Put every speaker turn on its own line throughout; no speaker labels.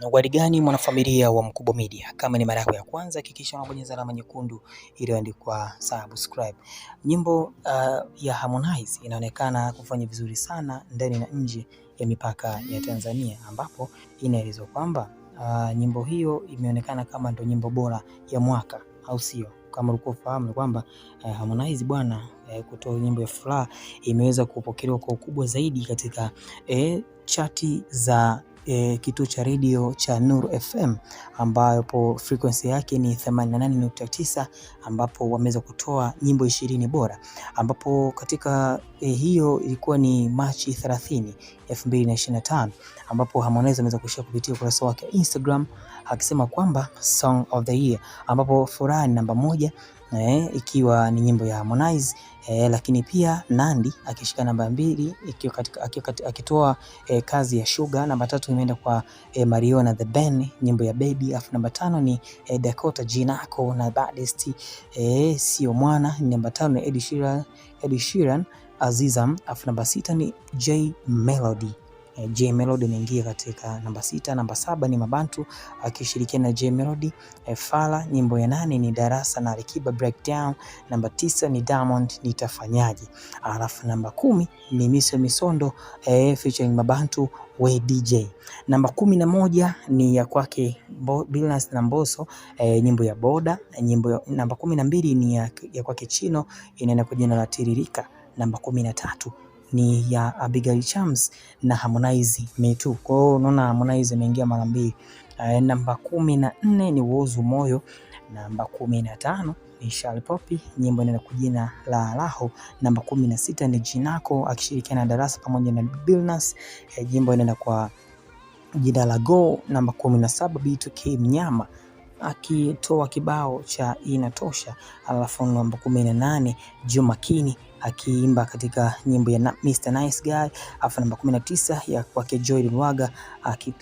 Habari gani mwanafamilia wa Mkubwa Media, kama ni mara yako ya kwanza hakikisha unabonyeza alama nyekundu iliyoandikwa subscribe. Nyimbo uh, ya Harmonize inaonekana kufanya vizuri sana ndani na nje ya mipaka ya Tanzania, ambapo inaelezwa kwamba uh, nyimbo hiyo imeonekana kama ndio nyimbo bora ya mwaka, au sio? Kama ulikuwa ufahamu ni kwamba uh, Harmonize bwana uh, kutoa nyimbo ya furaha imeweza kupokelewa kwa ukubwa zaidi katika uh, chati za e, kituo cha redio cha Nuru FM ambapo frequency yake ni 88.9 ambapo wameweza kutoa nyimbo ishirini bora ambapo katika e, hiyo ilikuwa ni Machi 30, 2025 ambapo Harmonize ameweza kushia kupitia ukurasa wake Instagram akisema kwamba song of the year ambapo furaha ni namba moja eh, ikiwa ni nyimbo ya Harmonize eh, lakini pia nandi akishika namba mbili ikiwa katika, akitoa eh, kazi ya Sugar. Namba tatu imeenda kwa eh, Mariona the Ben nyimbo ya Baby, afu namba tano ni eh, Dakota Jinako na Baddest eh, sio mwana. Namba tano ni Ed Sheeran, Ed Sheeran Azizam, afu namba sita ni J Melody. Eh, J Melody niingie katika namba sita. Namba saba ni Mabantu akishirikiana na J Melody. Eh, Fala nyimbo ya nane ni Darasa na Alikiba Breakdown. Namba tisa ni Diamond nitafanyaje, alafu namba kumi ni Miso Misondo eh, featuring Mabantu we DJ. Namba kumi na moja ni ya kwake Billnas na Mbosso eh, nyimbo ya boda eh, nyimbo ya, namba kumi na mbili ni ya, ya kwake Chino inaenda kwa jina la Tiririka. Namba kumi na tatu ni ya Abigail Chams na Harmonize Me Too. Kwa hiyo unaona Harmonize imeingia mara mbili. Uh, namba kumi na nne ni Wozu Moyo, namba kumi na tano ni Shali Popi, nyimbo inaenda kwa jina la Laho. Namba kumi na sita ni Jinako akishirikiana na Darasa pamoja na Billnass, eh, nyimbo inaenda kwa jina la Go. Namba kumi na saba B2K Mnyama akitoa kibao cha inatosha. Alafu namba kumi na nane Juma Kini akiimba katika nyimbo ya Mr Nice Guy, afu namba 19 ya kwake Joy Mwaga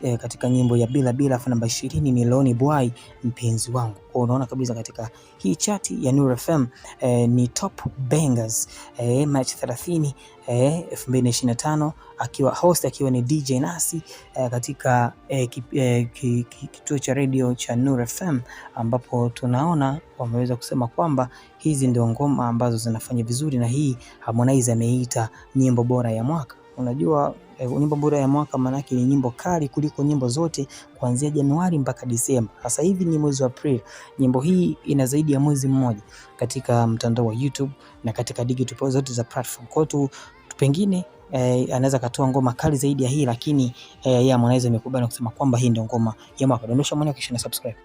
eh, katika nyimbo ya bila bila, afu namba 20 ni Loni Boy mpenzi wangu. Kwa unaona kabisa katika hii chati ya Nuru FM eh, ni top bangers eh, March 30 eh, 2025 akiwa host akiwa ni DJ Nasi eh, katika eh, kituo eh, ki, ki, ki, cha radio cha Nuru FM ambapo tunaona wameweza kusema kwamba hizi ndio ngoma ambazo zinafanya vizuri, na hii Harmonize ameita nyimbo bora ya mwaka. Unajua eh, nyimbo bora ya mwaka maanake ni nyimbo kali kuliko nyimbo zote kuanzia Januari mpaka Disemba. Sasa hivi ni mwezi wa April. Nyimbo hii ina zaidi ya mwezi mmoja katika mtandao wa YouTube na katika digital zote za platform. Kwa tu pengine eh, anaweza akatoa ngoma kali zaidi ya hii, lakini eh, yeye Harmonize amekubali kusema kwamba hii ndio ngoma ya mwaka. Dondosha maoni kisha na subscribe.